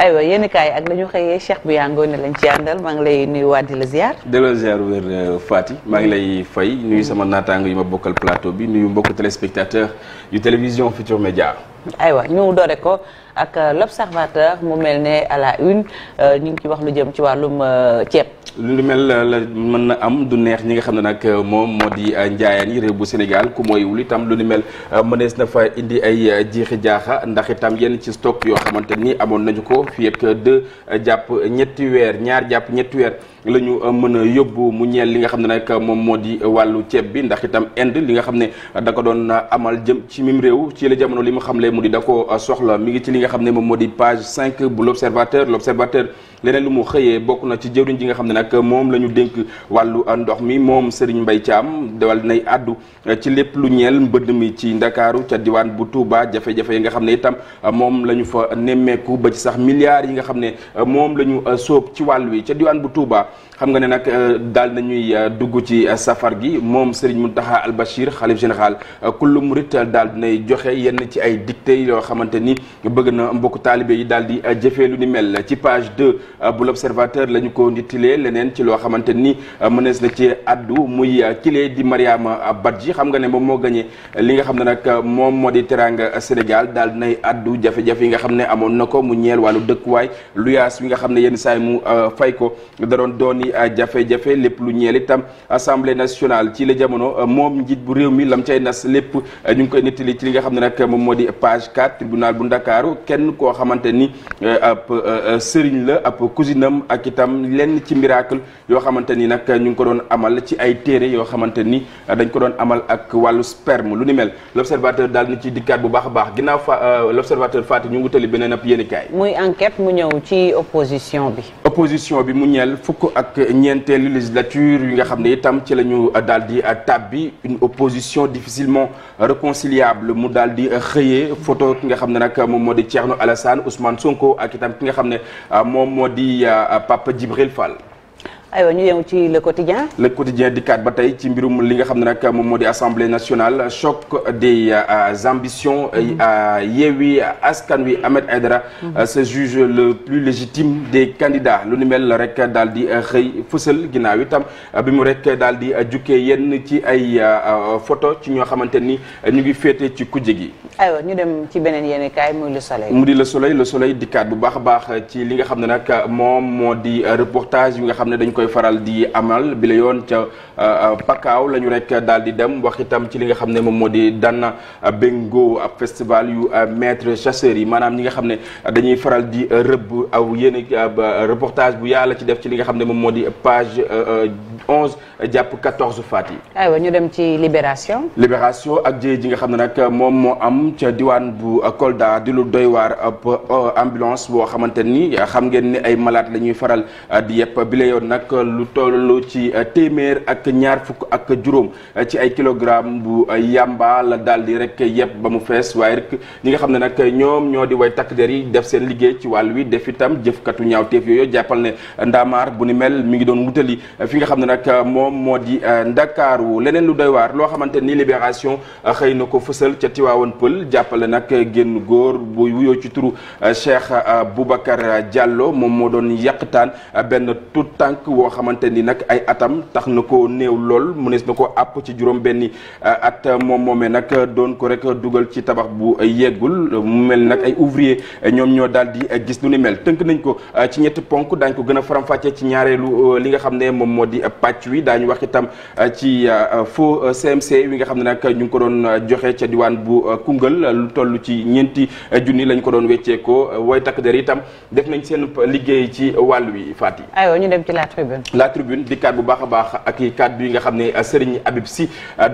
aywa yenn kaay ak la ñu xëyee Cheikh bu yàngoo ne lañ ci àndal maa ngi lay nuyuwaat di la ziar. di la ziar wér euh, Fati maa ngi lay fay nuyu sama naataango yu ma bokkal plateau bi nuyu mbokku téléspectateur yu télévision Futur Média. aywa ñu doore ko ak euh, l'observateur mu mel ne à une euh, ñu ngi ci wax lu jëm ci wàllum ceeb. lu mel la mën na am du neex ñi nga xam ne nag euh, moom moo di euh, njaayaan yi réew bu Sénégal ku wul itam lu ni mel euh, mënees na fa indi ay jiixi jaaxa ndax itam yenn ci stock yoo xamante ni amoon nañu ko fii ak deux jàpp ñetti weer ñaar jàpp ñetti weer la ñu mën a yóbbu mu ñeel li nga xam ne nag moom moo di wàllu ceeb bi ndax itam Inde li nga xam ne da ko doon amal jëm ci mim réew ci la jamono li mu xamle mu di da ko soxla mi ngi ci li nga xam ne moom moo di page 5 bu l'observateur l'observateur leneen lu mu xëyee na ci jëwriñ ji nga xam ne nag moom la ñu dénk wàllu ndox mi moom Serigne Mbaye am dawal nay àddu eh, ci lépp lu ñel mbënd mi ci Ndakaaru ca diwaan bu Touba jafe-jafe yi nga xam ne itam eh, moom la ñu fa nemmeeku ba ci sax milliards yi nga xam ne eh, moom la ñu sóob ci wàll wi ca diwaan bu Touba xam nga ne nag euh, daal nañuy euh, dugg ci euh, safar gi moom Serigne Mountakha Al Bachir xalif général kullu murit daal dinay joxe yenn ci ay dictée yoo xamante ni bëgg na mbokk taalibe yi daal di jëfe lu ni mel ci page 2 bu l'observateur la ñu ko nittilee leneen ci loo xamante ni mënees na ci addu muy kilee di Mariama Badji xam nga ne moom moo gañe li nga xam ne nag moom moo di teranga Sénégal daal nay addu jafe-jafe yi nga xam ne amoon na ko mu ñeel wàllu dëkkuwaay luyaas wi nga xam ne yenn saay mu fay ko da doon doon ay jafe-jafe lépp lu ñeel itam assemblée nationale ci la jamono moom njiit bu réew mi lam cay lépp ñu ngi koy nettali ci li nga xam ne nag moom moo di page 4 tribunal bu ndakaaru kenn koo xamante ni euh, ab euh, sëriñ la ab cousinam ak itam lenn ci miracle yoo xamante ni nag ñu ngi ko doon amal ci ay téere yoo xamante ni dañ ko doon amal ak wàllu sperme lu ni mel l'observateur dal ni ci dikkaat bu baax a baax ginnaaw fa euh, l'observateur Fatou ñu wutali beneen ab yéenekaay muy enquête mu ñëw ci ñeenteelu législature yi nga xam ne itam ci la ñu daal di tàbbi une opposition difficilement réconciliable mu daal di xëyee photo ki nga xam ne nag moom moo di Thierno Alassane Ousmane Sonko ak itam ki nga xam ne moom moo di Papa Djibril Fall. aywa ñu yëngu ci le quotidien le quotidien dikkaat tey ci mbirum li nga xam ne nag moom moo di assemblée nationale choc des euh, euh, mm-hmm. euh, Askan Wi Ahmed Aïdara mm-hmm. se juge le plus légitime des candidats lu ni mel rek daal di xëy fësal ginnaaw itam bi mu rek daal di jukkee yenn ci ay photo ci ñoo xamante ni ñu ngi féete ci kujje gi aywa ñu dem ci beneen yenn kaay muy le mu di le soleil le soleil dikkaat bu baax a baax ci li nga xam ne nag moom moo di reportage yi nga xam ne dañ ko koy faral di amal bi la yoon ca euh, euh, pakaaw la ñu rek daal di dem wax itam ci li nga xam ne moom moo di Dana Bengo ab festival yu euh, maître chasseurs yi maanaam ñi nga xam ne dañuy faral di rëbb aw yéen reportage bu yàlla ci def ci li nga xam ne moom moo di page onze jàpp faat yi aywa dem ci libération libération ak jéye ji nga xam ne nag moom moo am ca diwaan bu Kolda di lu doy waar ambulance boo xamante ni xam ngeen ni ay malade la faral di yëpp bi la yoon nag nag lu toll ci euh, téeméer ak ñaar fukk ak juróom euh, ci ay kilogramme bu euh, yàmba la daal di rek yëpp ba mu fees waaye rek ñi nga xam ne nag ñoom ñoo di way takk der yi def seen liggéey ci wàll wi def itam jëfkatu ñaawteef yooyu jàppal ne ndaamaar bu ni mel mi ngi doon wutali fi nga xam ne nag moom moo di ndakaaru leneen lu doy loo xamante ni libération xëy na ko fësal ca Tiwaawan Pël jàppale nag génn góor bu wuyoo ci turu Cheikh Boubacar Diallo moom moo doon yàqtaan benn tout tànk woo xamante ni nag ay atam tax na ko néew lool mënees na ko àpp ci juróom benni uh, at uh, moom moomee nag doon ko rek dugal ci tabax bu yeggul mu mel nag ay ouvrier uh, ñoom ñoo daal di gis nu ni mel tënk nañ ko ci ñetti ponk daañ ko gën a faram-fàccee ci ñaareelu li nga xam ne moom moo di pàcc wi daañu wax itam ci faux CMC wi nga xam ne nag ñu ngi ko doon joxe ca diwaan bu Koungheul lu toll ci ñeenti junni lañ ko doon weccee ko way takk der itam def nañ seen liggéey ci wàll wi Fatick tribune la tribune di kaat bu baax a baax ak i kaat bi nga xam ne Serigne Habib Sy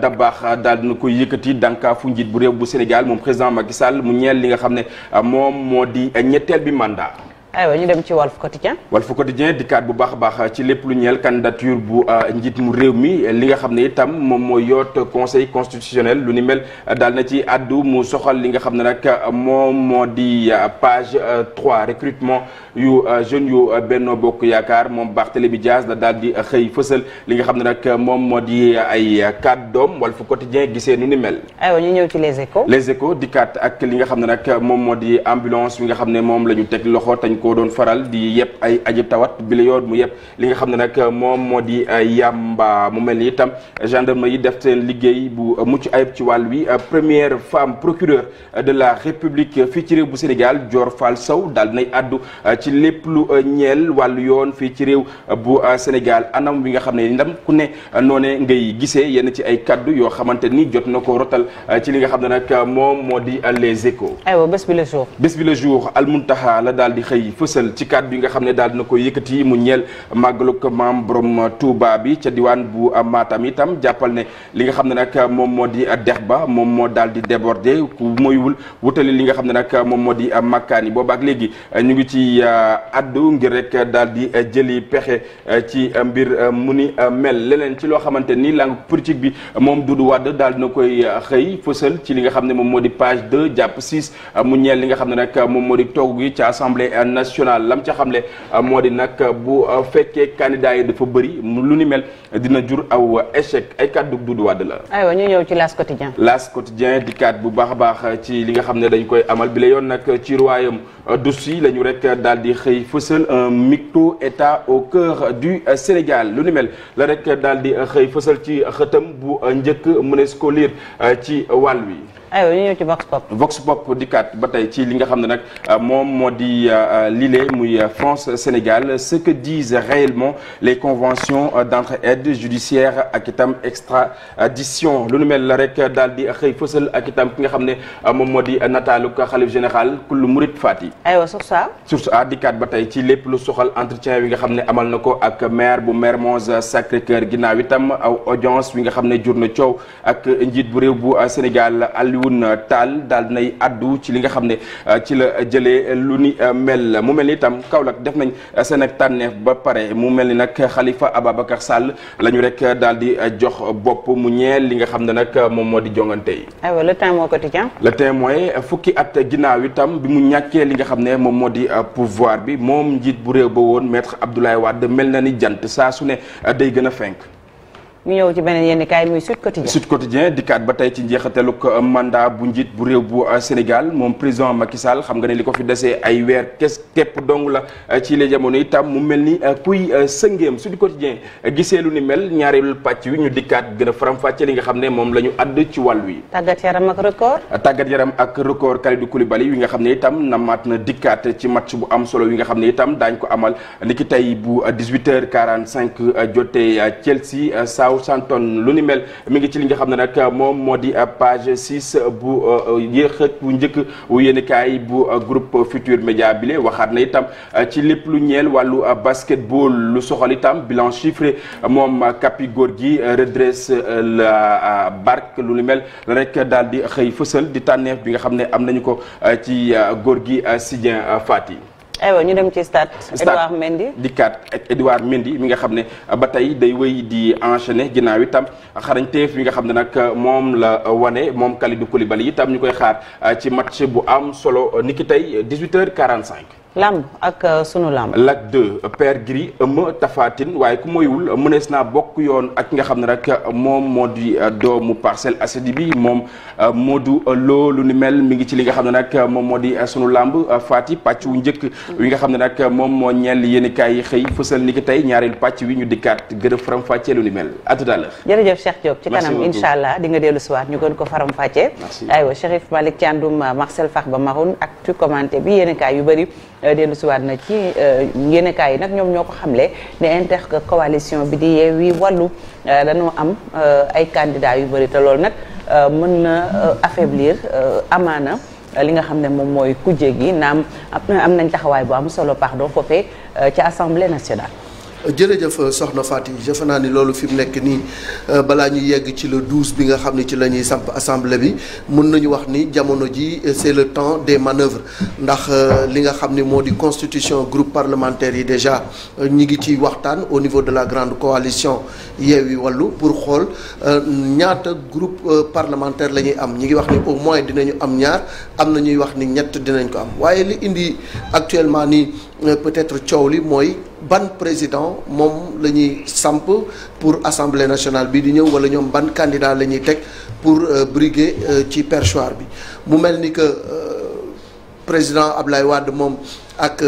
Dabakh daal dina koy yëkkati dankaafu njiit bu réew bu Sénégal moom président Macky Sall mu ñeel li nga xam ne moom moo di ñetteel bi mandat aywa ñu dem ci Walf Quotidien Walf Quotidien dikkaat bu baax a baax ci lépp lu ñeel candidature bu euh, njiit mu réew mi li nga xam ne itam moom mooy yoot conseil constitutionnel lu ni mel daal na ci addu mu soxal li nga xam ne nag moom moo di euh, page 3 euh, recrutement yu jeunes yu Benno Bokk Yaakaar moom Barthélémy Dias da daal di xëy fësal li nga xam ne nag moom moo di ay kàddoom Walf Quotidien gisee nu ni mel aywa ñu ñëw ci Les Échos Les Échos ak li nga xam ne nag moom moo di ambulance bi nga xam ne moom la ñu teg loxo tañ ko koo doon faral di yëpp ay aji tawat bi la yoon mu yëpp li nga xam ne nag moom moo di euh, yàmba mu mel ni itam gendarme yi def seen liggéey bu mucc ayib ci wàll wi euh, première femme procureur de la république fii ci réew bu Sénégal Dior Fall Sow daal dinay àddu euh, ci lépp lu ñeel wàll yoon fii ci réew bu Sénégal anam wi nga xam ne ndam ku ne noone ngay gisee yenn ci ay kaddu yoo xamante ni jot na ko rotal ci li nga xam ne nag moom moo di les échos. aywa bés bi le jour bés bi la daal fësal ci kàddu yi nga xam ne daal dina koy yëkkati mu ñeel màggalug maam borom Touba bi ca diwaan bu Matam itam jàppal ne li nga xam ne nag moom moo di dex ba moom moo daal di déborder ku moywul wutali li nga xam ne nag moom moo di makkaani booba ak léegi ñu ngi ci uh, addu ngir rek daal di uh, jëli pexe uh, ci mbir mu ni mel leneen ci loo xamante ni langue politique bi moom Doudou Wade daal na koy xëy fësal ci li nga xam ne moom moo di page 2 jàpp 6 mu ñeel li nga xam ne nag moom moo di toogu gi ci assemblée nationale lam ca xamle euh, moo di nag euh, bu euh, fekkee candidat yi dafa bëri lu ni mel dina jur aw échec ay kàddu Doudou Wade la. aywa ñu ñëw ci L'As quotidien. L'As quotidien di kaat bu baax a baax ci li nga xam ne dañ koy amal bi la yoon nag ci royaume d'Aussie la ñu rek daal di xëy fësal un micro état au cœur du Sénégal lu ni mel la rek daal di xëy fësal ci xëtam bu njëkk mënees ko lire ci wàll wi. aywa ñu ñëw ci ba tey ci li nga xam ne nag euh, moom moo di euh, lile muy euh, France Sénégal ce que disent réellement les conventions d'entraide judiciaire ak itam extradition lu nu mel la rek daal di xëy fësal ak itam ki nga xam ne moom moo di nataalu xale général kullu murit Fati. yi source a. source a dikkaat ba tey ci lépp lu soxal entretien wi nga xam ne amal na ko ak maire bu Mermoz Sacré-Cœur ginnaaw itam aw audience wi nga xam ne jur na coow ak njiit bu réew bu Sénégal Alioune euh, Tall daal nay addu ci li nga xam ne euh, ci la jëlee lu ni euh, mel mu mel ni itam Kaolack def nañ seen ak tànneef ba pare mu mel ni nag Khalifa Ababacar sàll la ñu rek daal di jox bopp mu ñeel li nga xam ne nag moom moo di jongante yi. aywa le temps moo quotidien. le temps mooy fukki at ginnaaw itam bi mu ñàkkee li nga xam ne moom moo di pouvoir bi moom njiit bu réew ba woon maître Abdoulaye Wade mel na ni jant saa su ne day gën a fenk. ñu ñëw ci beneen yenn kaay muy Sud Quotidien Sud Quotidien dikkaat ba tey ci njeexateluk euh, mandat bu njiit bu réew bu euh, Sénégal moom président Macky Sall xam nga ne li ko fi desee ay weer kes képp dong la euh, ci les jamono itam mu mel ni kuy sëngeem Sud Quotidien gisee lu ni mel ñaareelu pàcc wi ñu dikkaat gën a faram-fàcce li nga xam ne moom la ñu àdd ci wàll wi. tàggat yaram ak record. tàggat yaram ak record Kalidou Koulibaly wi nga xam ne itam na namaat na dikkaat ci match bu am solo wi nga xam ne itam daañ ko amal niki tey bu 18h45 jotee Chelsea Southampton lu ni mel mi ngi ci li nga xam ne nag moom moo di page 6 bu euh, yéex ak bu njëkk wu yéenekaay bu euh, groupe Futur Média bile waxaat na itam euh, ci lépp lu ñeel wàllu basketball lu soxal itam bilan chiffré moom góor gi redresse la barque lu ni mel rek daal di xëy fësal di tànneef bi nga xam ne am nañu ko ci góor Gorgui Sidien yi Eh aywa ñu dem ci stade Edouard Mendy dikkaat Edouard Mendy mi nga xam ne euh, ba tey day wéy di enchaîner ginnaaw itam xarañteef mi nga xam ne nag euh, moom la euh, wane moom Kalidou Koulibaly itam ñu koy xaar ci match bu am solo niki tey 18 h cinq lamb ak euh, sunu lamb. Lac 2 Père Gris Eumeu Tapha Tine waaye ku moywul mënees naa bokk yoon ak nga xam ne rek moom moo di euh, doomu Parcelles Assainies bi moom moo euh, Modou loo lu ni mel mi ngi ci li nga xam ne nag moom moo di sunu lamb Fati pàcc wu njëkk mm. wi nga xam ne nag moom moo ñeel yéenekaay yi xëy fësal ni ki tey ñaareelu pàcc wi ñu dikkaat gën a faram-fàccee lu ni mel à tout à l'heure. jërëjëf Cheikh Diop ci kanam incha allah di nga dellu si ñu gën ko faram-fàccee. aywa Chérif Malick Thiandoum Marcel Farba Maroun ak tu bi yéenekaay yu bëri Euh, dellu siwaat na ci euh, yéenekaay yi nag ñoom ñoo ko xamle ne intercoalition bi di Yewwi Wallu euh, dañoo am ay candidats yu bëri te loolu nag mën na affaiblir amaana li nga xam ne moom mooy kujje gi naam am am nañ taxawaay bu am solo paax doo foofee ci assemblée nationale. jërëjëf euh, soxna Fatou yi naa ni loolu fi mu nekk nii euh, balaa ñu yegg ci le 12 bi nga xam ne ci la ñuy samp assemblée bi mun nañu wax ni jamono ji euh, c'est le temps des manœuvres ndax li nga xam ne moo di constitution groupe parlementaire yi déjà ñi ngi ciy waxtaan au niveau de la grande coalition yi Wallu pour xool ñaata groupe parlementaire la ñuy am ñi ngi wax ni au moins dinañu am ñaar am na ñuy wax ni ñett dinañ ko am waaye li indi actuellement nii Euh, peut-être coow li mooy ban président moom la ñuy samp pour assemblée nationale bi di ñëw wala ñoom ban candidat la ñuy teg pour euh, briguer euh, ci perchoir bi mu mel ni que président Ablaye wadd moom ak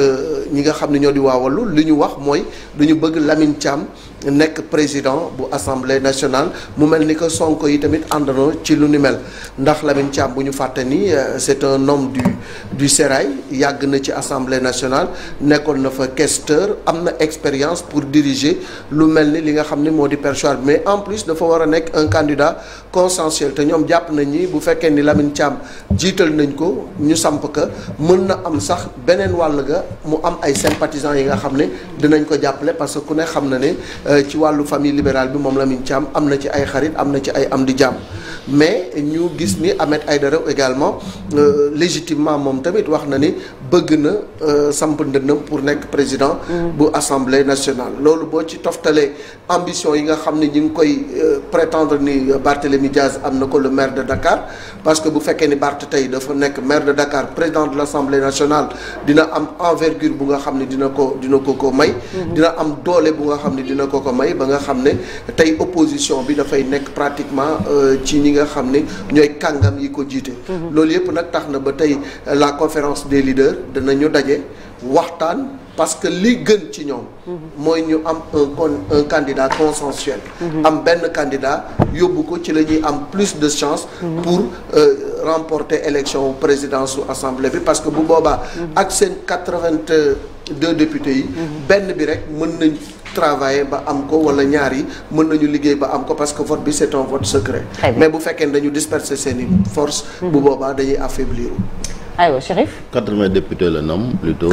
ñi nga xam ne ñoo di waawallu li ñu wax mooy dañu bëgg Lamine Thiam nekk président bu assemblée nationale mu mel ni que sonk yi tamit àndandoo ci lu ni mel ndax Lamine Thiam bu ñu fàtte nii euh, c'est un homme du du sérail yàgg na ci assemblée nationale nekkoon na fa questeur am na expérience pour diriger lu mel ni li nga xam ne moo di perchoir bi mais en plus dafa war a nekk un candidat consensuel te ñoom jàpp nañ bu fekkee ni Lamine Thiam jiital nañ ko ñu samp ka mën na am sax beneen wàll ga mu am ay sympathisants yi nga xam ne dinañ ko jàppale parce que ku ne xam na ne. Euh, ci wàllu famille libérale bi moom Lamine Thiam am na ci ay xarit am na ci ay am di jàmm mais ñu gis ni Ahmed Aïdara également euh, légitimement moom tamit wax na ni bëgg na euh, samp ndëndam pour nekk président mm-hmm. bu assemblée nationale loolu boo ci toftalee ambition yi nga xam ne ñi ngi koy prétendre ni Barthélémy Diaz am na ko le maire de Dakar parce que bu fekkee ni Barth tey dafa nekk maire de Dakar président de l'Assemblée nationale dina am envergure bu nga xam ne dina ko dina ko ko may mm-hmm. ko may ba nga xam ne tey opposition bi dafay nekk pratiquement euh, ci ñi nga xam ne ñooy kàngam yi ko jiite. Mhm. loolu yëpp nag tax na ba tey euh, la conférence des leaders danañu daje waxtaan parce que li gën ci ñoom. Mhm. mooy ñu am un con un candidat consensuel. Mhm. am benn candidat yóbbu ko ci la ñuy am plus de chance. pour euh, remporter élection présidence su assemblée bi parce que bu boobaa. ak seen quatre-vingt-deux députés yi. benn bi rek mën nañ. travailler ba am ko wala ñaari mën nañu liggéey ba am ko parce que vote bi c'est un vote secret mais bu fekkee dañu disperser seeni force hmm. bu boobaa dañuy affaiblir aywa Chérif. 80 députés la ñoom. plutôt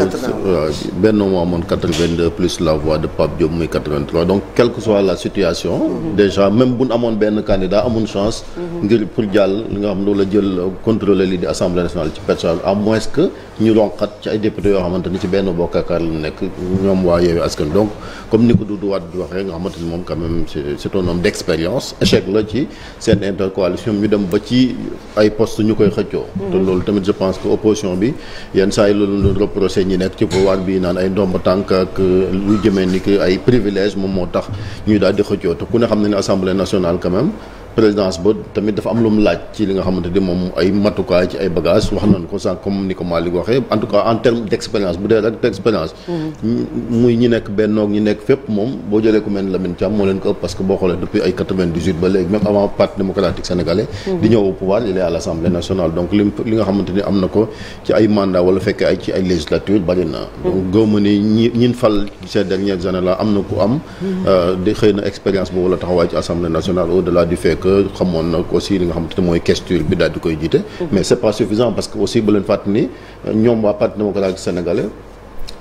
benn moo amoon 82 plus la voix de Pape Diop muy 83 donc quelle soit la situation. Mhm. déjà même bu ñu amoon benn candidat amoon chance. Mhm. ngir pour jàll li nga xam ne la jël contrôler lii di assemblée nationale ci personne à moins que ñu ronqat ci ay députés yoo xamante ni ci benn bokk ak la nekk ñoom waa Yewwi Askan donc comme ni ko Doudou Wade di waxee nga xamante mo moom quand même c'est un homme d'expérience échec la ci seen intercoalition ñu dem ba ci ay postes ñu koy xëccoo. Mhm. te opposition bi yenn saa yi loolu lu reproché ñi nekk ci pouvoir bi naan ay ndomb tànk ak euh, lu jëmee ni ki ay privilège moom moo tax ñu daal di xëccoo te ku ne xam ne ne assemblée nationale quand même présidence ba tamit dafa am lu mu laaj ci li nga xamante ni moom ay matukaay ci ay bagages wax nañ ko comme ni ko Malick waxee en tout cas en terme d' bu dee rek d' mm-hmm. muy ñi nekk bennoog ñi nekk fépp moom boo jëlee ku mel ne Lamine Thiam moo leen ko ëpp parce que boo xoolee depuis ay 98 ba léegi même avant parti démocratique sénégalais. Mm-hmm. di ñëw au pouvoir il est à nationale donc li nga xamante ni am que xamoon na aussi li nga xamante ne mooy question bi daal di koy jiite. Mm-hmm. mais c'est pas suffisant parce que aussi bu leen fàttali ni ñoom waa parti démocratique sénégalais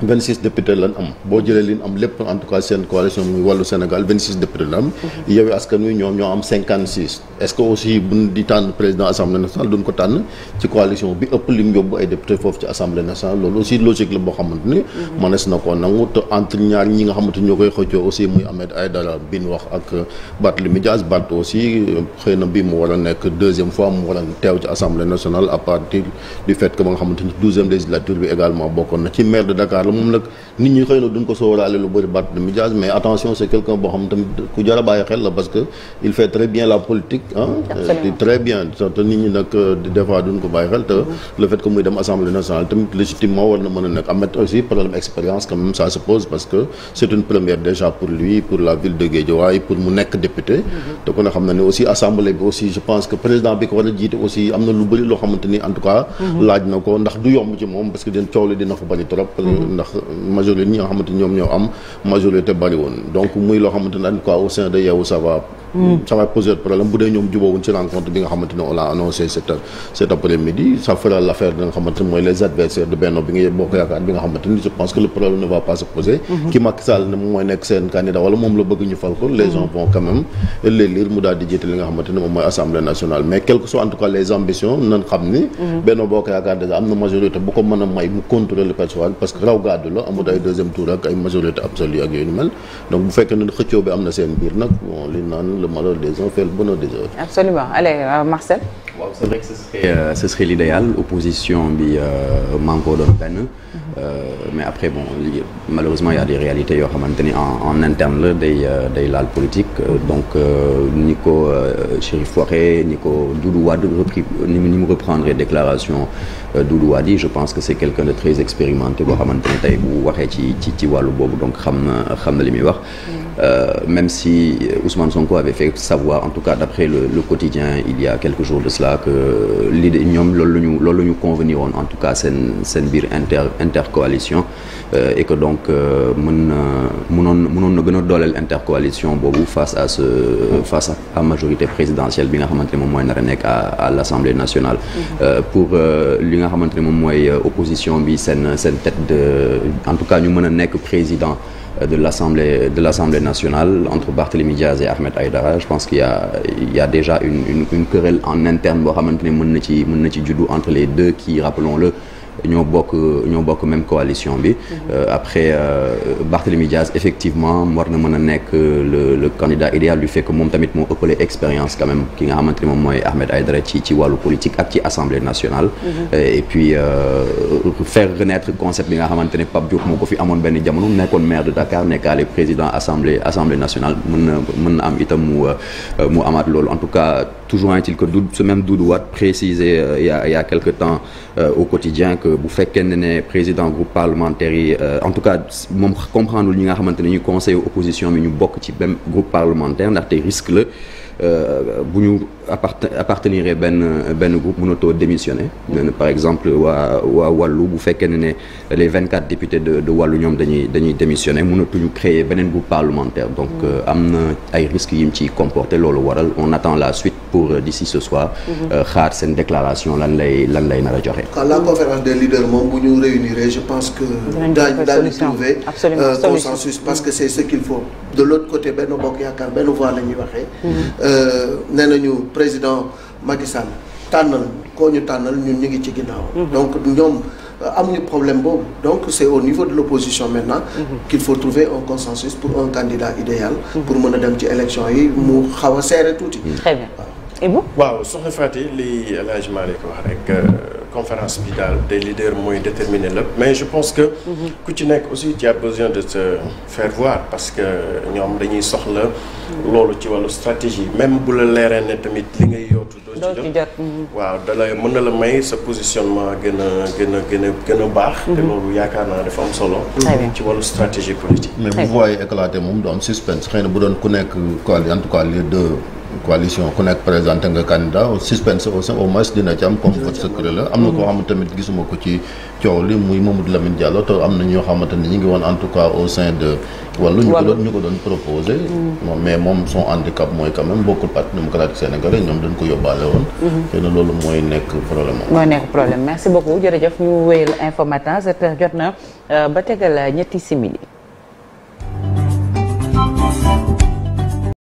26 députés lan am boo jëlee li am lépp en tout cas seen coalition muy wàllu Sénégal 26 députés lan am. Mhm. yow askan wi ñoom ñoo am 56. est-ce que aussi buñ di tànn président assemblée nationale duñ ko tànn ci coalition bi ëpp lim yóbbu ay député foofu ci assemblée nationale loolu aussi logique la boo xamante ni. Mhm. mënees na ko nangu te entre ñaar ñi nga xamante ñoo koy xëccoo aussi muy Ahmed Aïdara bi ñu wax ak Barthélémy Dias Barth aussi a la moom nag nit ñi xëy na duñ ko lu bëri baat de mais attention c'est quelqu'un boo xam tamit ku jar xel la parce que il fait très bien la politique très bien te nit ñi nag euh, des fois duñ xel te mm-hmm. le fait que muy dem assemblée nationale tamit légitimement war na mën a nekk amet aussi problème expérience quand ça se parce que c'est une première déjà pour lui pour la ville de Guédiawaye pour mu nekk député mm-hmm. te kon a xam ndax majorité ñi nga xamante ñoom ñoo am majorité bari woon donc muy loo xamante ne en tout cas au sein de Hmm. ça va poser problème bu dee ñoom jubóowuñ ci rencontre bi nga xamante ne on l'a cet après-midi ça fera l'affaire bi nga xamante ne mooy les adversaires de Benno bi nga bokk yaakaar bi nga xamante ni hmm. mooy nekk seen candidat wala moom la bëgg ñu fal les hmm. gens vont quand même mu daal di li nga xamante ne mooy assemblée nationale mais quelles que en tout cas les ambitions nan xam ni Benno Bokk Yaakaar déjà am na majorité bu ko le malheur des uns, fait le bonheur des autres. Absolument. Allez, euh, Marcel. waaw c'est euh, bi euh, manko doon benn mhm. euh, mais après bon malheureusement il y des réalités yoo xamante ni en en interne la day day laal politique donc ni ko Chérif waxee ni ko Doudou Wade repris ni mu reprendre déclaration Doudou Wade yi je pense que c'est quelqu'un de très expérimenté boo xamante ni tey bu waxee ci ci ci wàllu boobu donc xam na xam na li muy wax mm. Euh, même si Ousmane Sonko avait fait savoir en tout cas d'après le, le quotidien il y a quelques jours de cela que li ñoom loolu la ñu loolu la ñu convenir woon en tout cas seen seen biir inter intercoalition euh, et que donc euh, mën na mënoon mënoon na gën a dooleel intercoalition boobu face à ce face à majorité présidentielle bi nga xamante ne moom mooy nar a nekk à l'Assemblée nationale pour li nga xamante ne moom mooy opposition bi seen seen tête de en tout cas ñu mën a nekk président Euh, de l'Assemblée de l'Assemblée nationale entre Barthélémy Diaz et Ahmed Aïdara je pense qu'il y a il y a déjà une une une querelle en interne boo xamante ne mën na ci mën na ci juddu entre les deux qui rappelons-le ñoo bokk ñoo bokk même coalition bi. Euh, après euh, Barthélemy Diaz effectivement war na mën a nekk euh, le le candidat idéal du fait que moom tamit moo ëppale expérience quand même ki nga xamante ne moom mooy Ahmed Aïdara ci ci wàllu politique ak ci assemblée nationale. Mm-hmm. et puis faire renaître concept bi nga xamante ne Pape Diop moo ko fi amoon benn jamono nekkoon maire de Dakar nekkaale président assemblée assemblée nationale mën na mën na am itam mu mu loolu en tout cas toujours est-il que du ce même Doudou Wade précisé il y bu fekkee ne président groupe parlementaire yi euh, en tout cas moom comprendre ñi nga xamante ne ñu conseil opposition bi ñu bokk ci même groupe parlementaire te risque la. Euh, bu ñu aparte appartenir benn benn groupe mënatoo démissionner mm. nee na par exemple waa waa wàllu bu fekkee ne ne les vingt quatre députés de de wàllu ñoom dañuy dañuy démissionner mënatuñu créer beneen groupe parlementaire donc mm. euh, am na ay risques yi mu ciy comporter loolu waral on attend la suite pour euh, d'ici ce soir mm-hmm. xaar seen déclaration lan lay lay nar a joxe ah, la conférence des leaders bu ñu réunir je pense que daañu daañu trouver consensus parce que c'est ce qu'il faut de Euh, nee na ñu président Macky Sall tànnal koo ñu tànnal ñun ñu ngi ci ginnaaw. Mhm. donc ñoom euh, amuñu problème boobu donc c' est au niveau de l' opposition maintenant. Mhm. qu'il faut trouver un consensus pour un candidat idéal. Mhm. pour mën a dem ci élection yi mu xaw a tuuti. très bien et vous. waaw soxna Fatick li El Hadj Malick wax rek. Euh, conférence bi daal des leaders mooy déterminer la mais je pense que ku ci nekk aussi tu besoin de te faire voir parce que ñoom dañuy soxla loolu ci wàllu stratégie même bu la leeree ne tamit li ngay yootu doo ci jot mhm. waaw dalay mën na la may sa positionnement gën a gën a gën a gën a baax mhm. te loolu yaakaar naa dafa am solo ci wàllu stratégie politique mais vous voyez éclater moom du am suspense xëy na bu doon ku nekk en tout cas les coalition ku nekk présenté nga candidat suspense au au moins dina ci comme vote secret am na koo xam tamit gisuma ko ci coow li muy Mamadou Lamine Diallo te am na ñoo xamante ni ñu ngi woon en tout cas au sein de wàllu ñu ko doon ñu ko moom mais moom son mooy quand bokkul parti démocratique sénégalais ñoom dañ ko yóbbaale woon mm-hmm. xëy loolu mooy nekk problème mooy nekk problème merci beaucoup jërëjëf ñu jot na euh, ba tegal ñetti simili